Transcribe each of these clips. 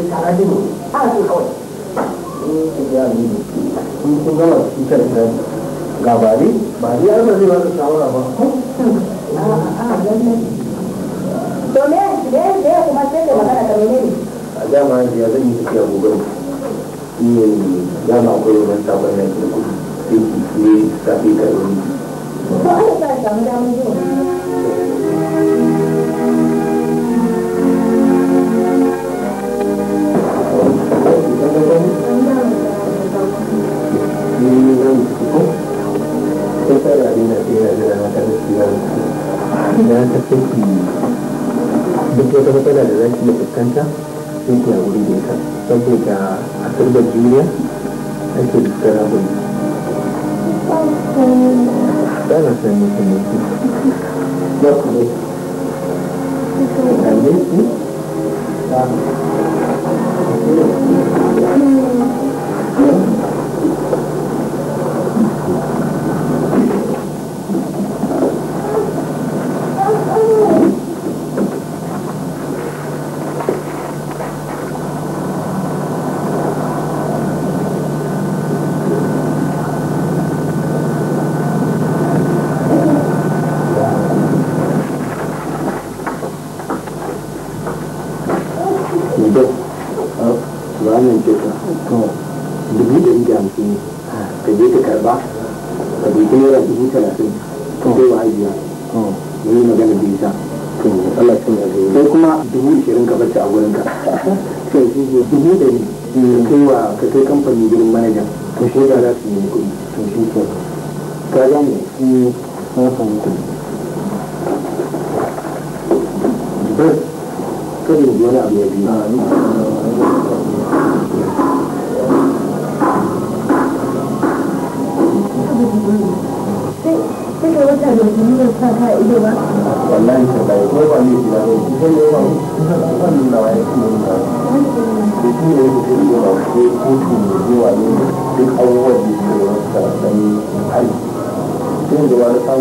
ليس رجل أعطي قول in kun gama cutar ta ga bari ba ni an ba zai ba da shawara ba to me me me kuma sai da magana ta menene a dama ya zan yi tafiya gobe ne dama akwai wani sabon yanki da kudu sai ki ne ta fi karbi to an kusa da abin da ke yana jira na kada su yawon su da ta sai ki duk wata matsala da za ki iya da ita saboda a turbar juriya ake fuskar haƙuri tsara san mutum mutum ba Allah da kuma ya sa ka ido ba wallahi ta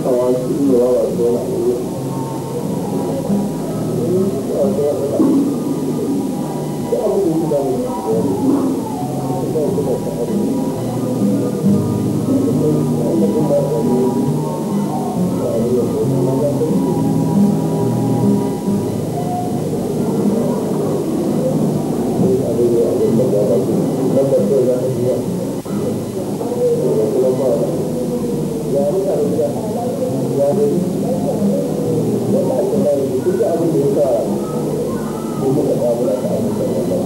Thank you. người là của bạn Thank you. duk abin da ya sa ko muka samu da ta abin da ya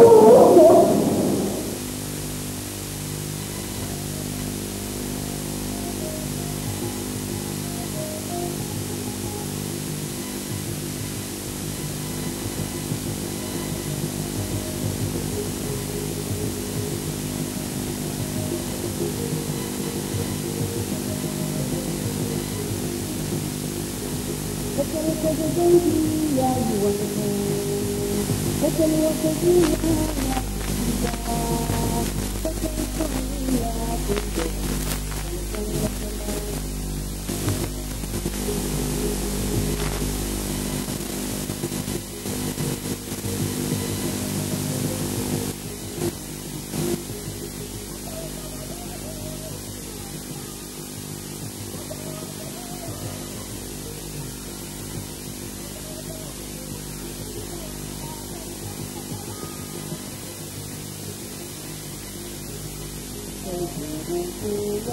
Oh.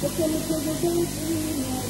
Porque me perguntou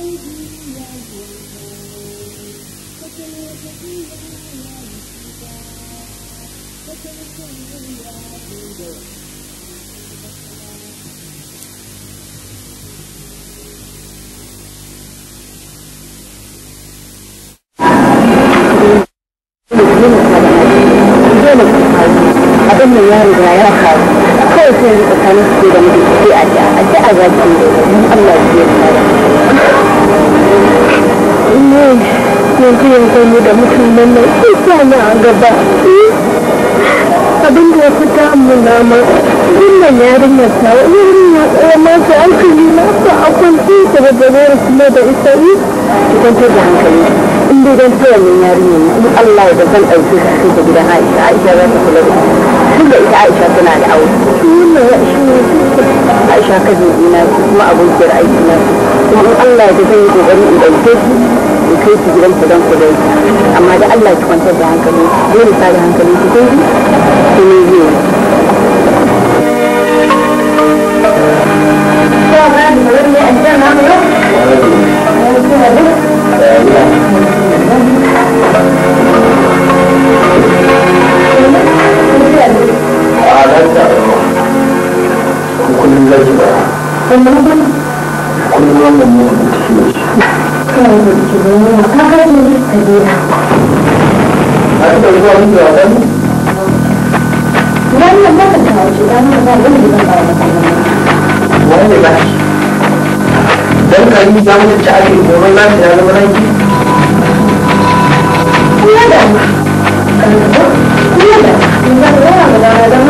wannan yaro da ya faru kawai sai ya tsakanin su da mutum sai a a ji a zaki Allah ya yi yanzu yanzu mu da musulman nan isa na a gaba abin da ya fi damuna ma wannan yarinyar ta wani yarinya tsaye ma su hankali na ba a kwanci ta da jami'ar kuma da isa yi ki kwanci da hankali in dai don tsaye min yarinyar in Allah ya da zan aiki su da gidan Aisha Aisha za ta kula da tun da ita aisha tana da aure tun da aisha ka je ina ce kuma abokiyar aiki na ce kuma in allah ya zai yi kokarin in ɗauke ki in kai ki gidan ku dan ku dai amma da allah ki kwantar da hankali dole sa da hankali ki kun ki ne zai Thank you. ba za ta da kullum za ki ba kullum wannan ne da take da ki zo ne ka ka ji ka je a a ta da zuwa da wani wannan ba ta kawo shi dan ba zan yi ba wanda da shi dan kan yi zamu ta ake gobe za ta zama ranki kuma da kuma da kuma da kuma da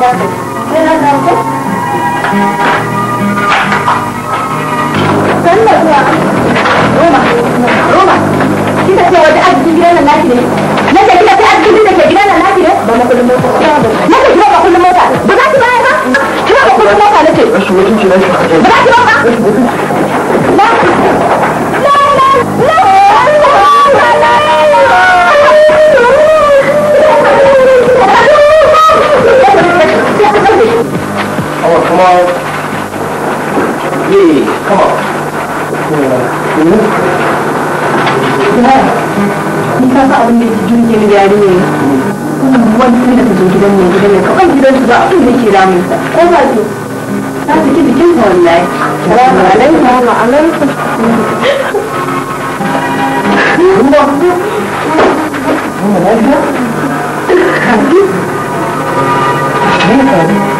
na tafi sai na dawo ko san da zuwa roma roma kika ce wata arzikin gidan nan naki ne na ce kika ce arzikin da ke gidan nan naki ne ba na kullum mota na ce kika ba kullum mota ba za ki bayar ba kika ba kullum mota na ce ba za ki ba ba la la la la la Oh, come on. Yeah, come on. ya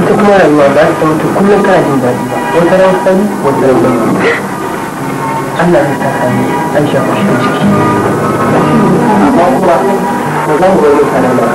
ita kuma rayuwa ba ta mutu kullum kana jin daɗi ba wata ran sani wata ran bai Allah ya sa sani an shafa shi da ciki amma kuma ba za mu ga mutanen ba ba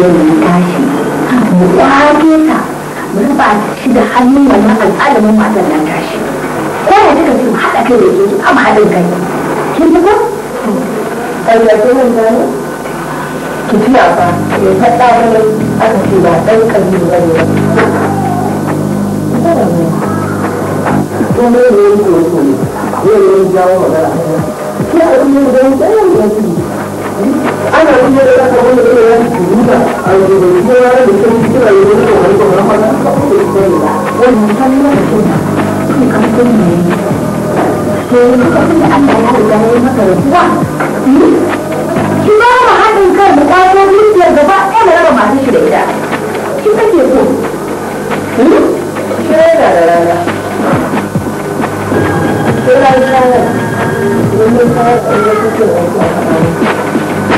yau na tashi mu ta mu da hannun wannan matan na tashi ko ya duka su haɗa kai da kama haɗin kai kin ji ko gano ki fa ya faɗa mana aka ce ba ɗan ƙarfi ba ne kuma ne ne ko jawo magana ke a ɗin yin gani ɗayan yanzu ana kuma da ta kama da ya a yanzu da ya da ke kira da wani ko ran da da ne ko ne ke ne ko da an da da da da da da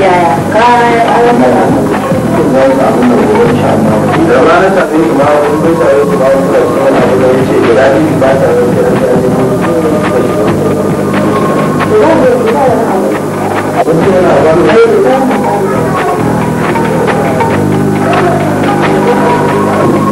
yaya kayan alamara da ranar tafi ne Thank you.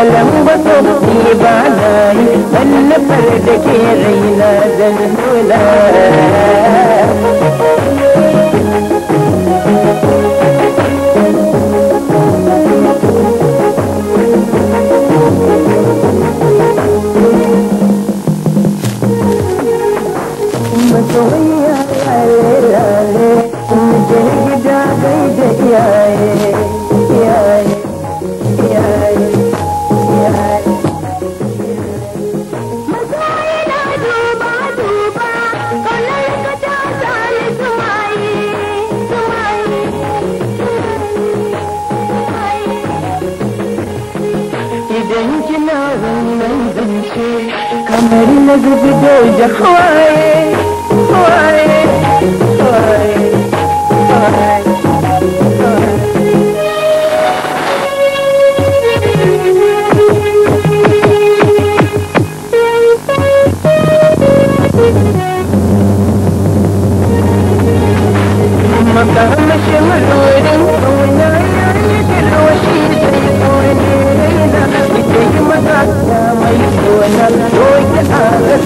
kalan baso ni ba na yi wallafar da ke raina zan nuna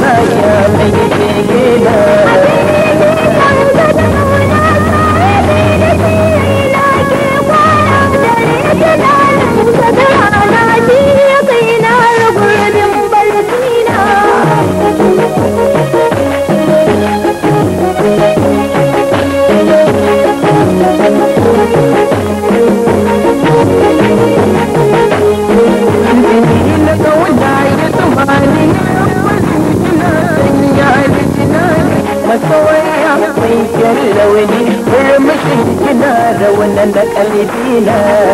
mai Meena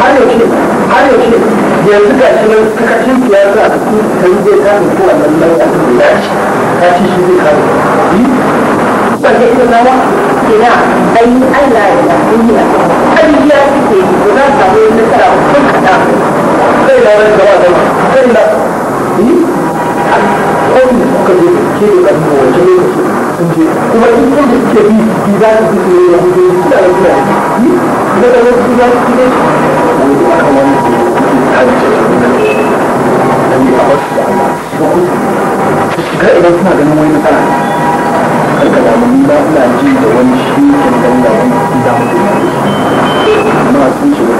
har yaushe har yaushe yanzu ga shi nan sakacin siyasa yi zai kama ko wannan mai da ya ci ka ci shi zai kama ban da ita zama ina ayi Allah ya da duniya kariya suke yi ko za ta yi nasara ko kai kada kai na wani gaba da kai na ni ko ni ka je ke da kan wajen lokaci sun je kuma in kun da suke yi bi za su bi su ne suna da shiga idan suna ganin wani matsala karka damu ni ba ina ji da wani shi ke da wani damu da amma sun shiga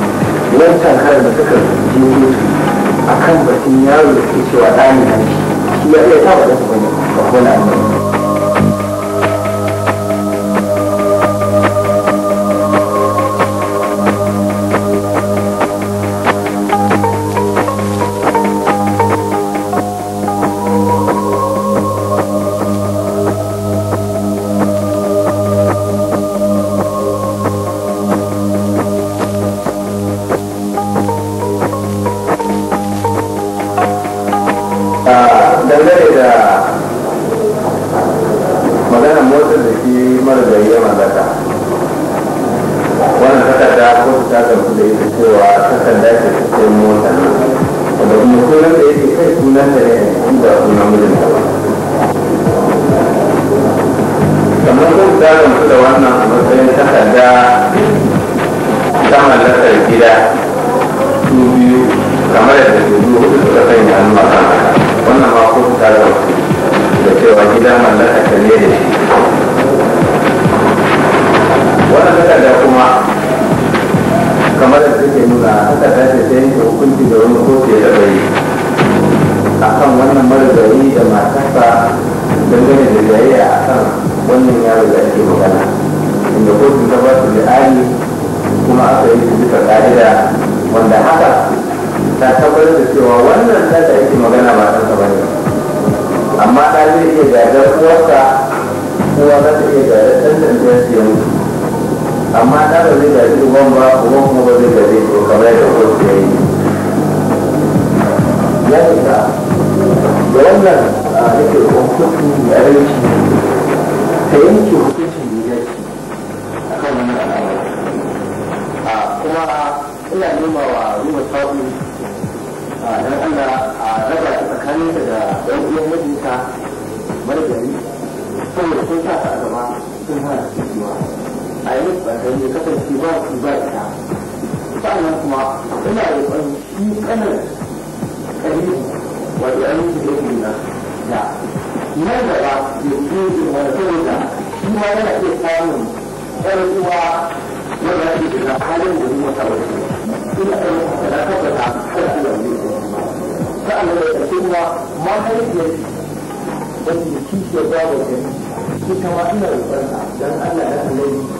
wancan harin da suka jefe su a kan batun yaro da ke cewa ɗani na shi ya iya taɓa ɗansa wani ba ko takarda ce ta mota da kuma sunan da yake kai sunan da ne inda kamar da wannan a matsayin takarda ta mallakar gida su biyu kamar yadda su biyu hudu suka hannu a kan wannan ma ko ta da cewa gida mallakar ta ne da shi wannan takarda kuma kamar da suke nuna haka ta ce ta yanke hukunci da wani kotu ya taɓa a kan wannan marigayi da matarsa dangane da jayayya a kan wannan yaro da ake magana inda kotu ta ba su li'ani kuma aka yi su bisa ƙa'ida wanda haka ta tabbatar da cewa wannan ta da ake magana matarsa ba ne amma ta zai iya gagar uwarsa uwa za ta iya gagar ɗan da ya mutu amma da ba zai gaji uban ba kuma kuma ba zai gaji ko kamar yadda ko ya yi ya isa da wannan a ah, nake hukuncin da arziki ta yanke hukuncin da ya ci a kan wani al'amari a ah, kuma ina nema wa ruwa sabu a ah, dan ana a raba tsakanin da ɗan uwan mijinta mara gari saboda sun sa ta a gaba sun hana su a yi ɓargar ya kasance ba su ba ta. sannan kuma ina roƙon shi kanan karibu wato an yi da na da nan gaba ya fi yin wani saboda shi ma yana iya samun ɗan uwa wanda ake shiga halin da kuma ina ɗan da tabbata kan Allah ne sa'an da ya kuma mahaifiyar wanda kike ba wa ita kama ina roƙon don Allah ya sanar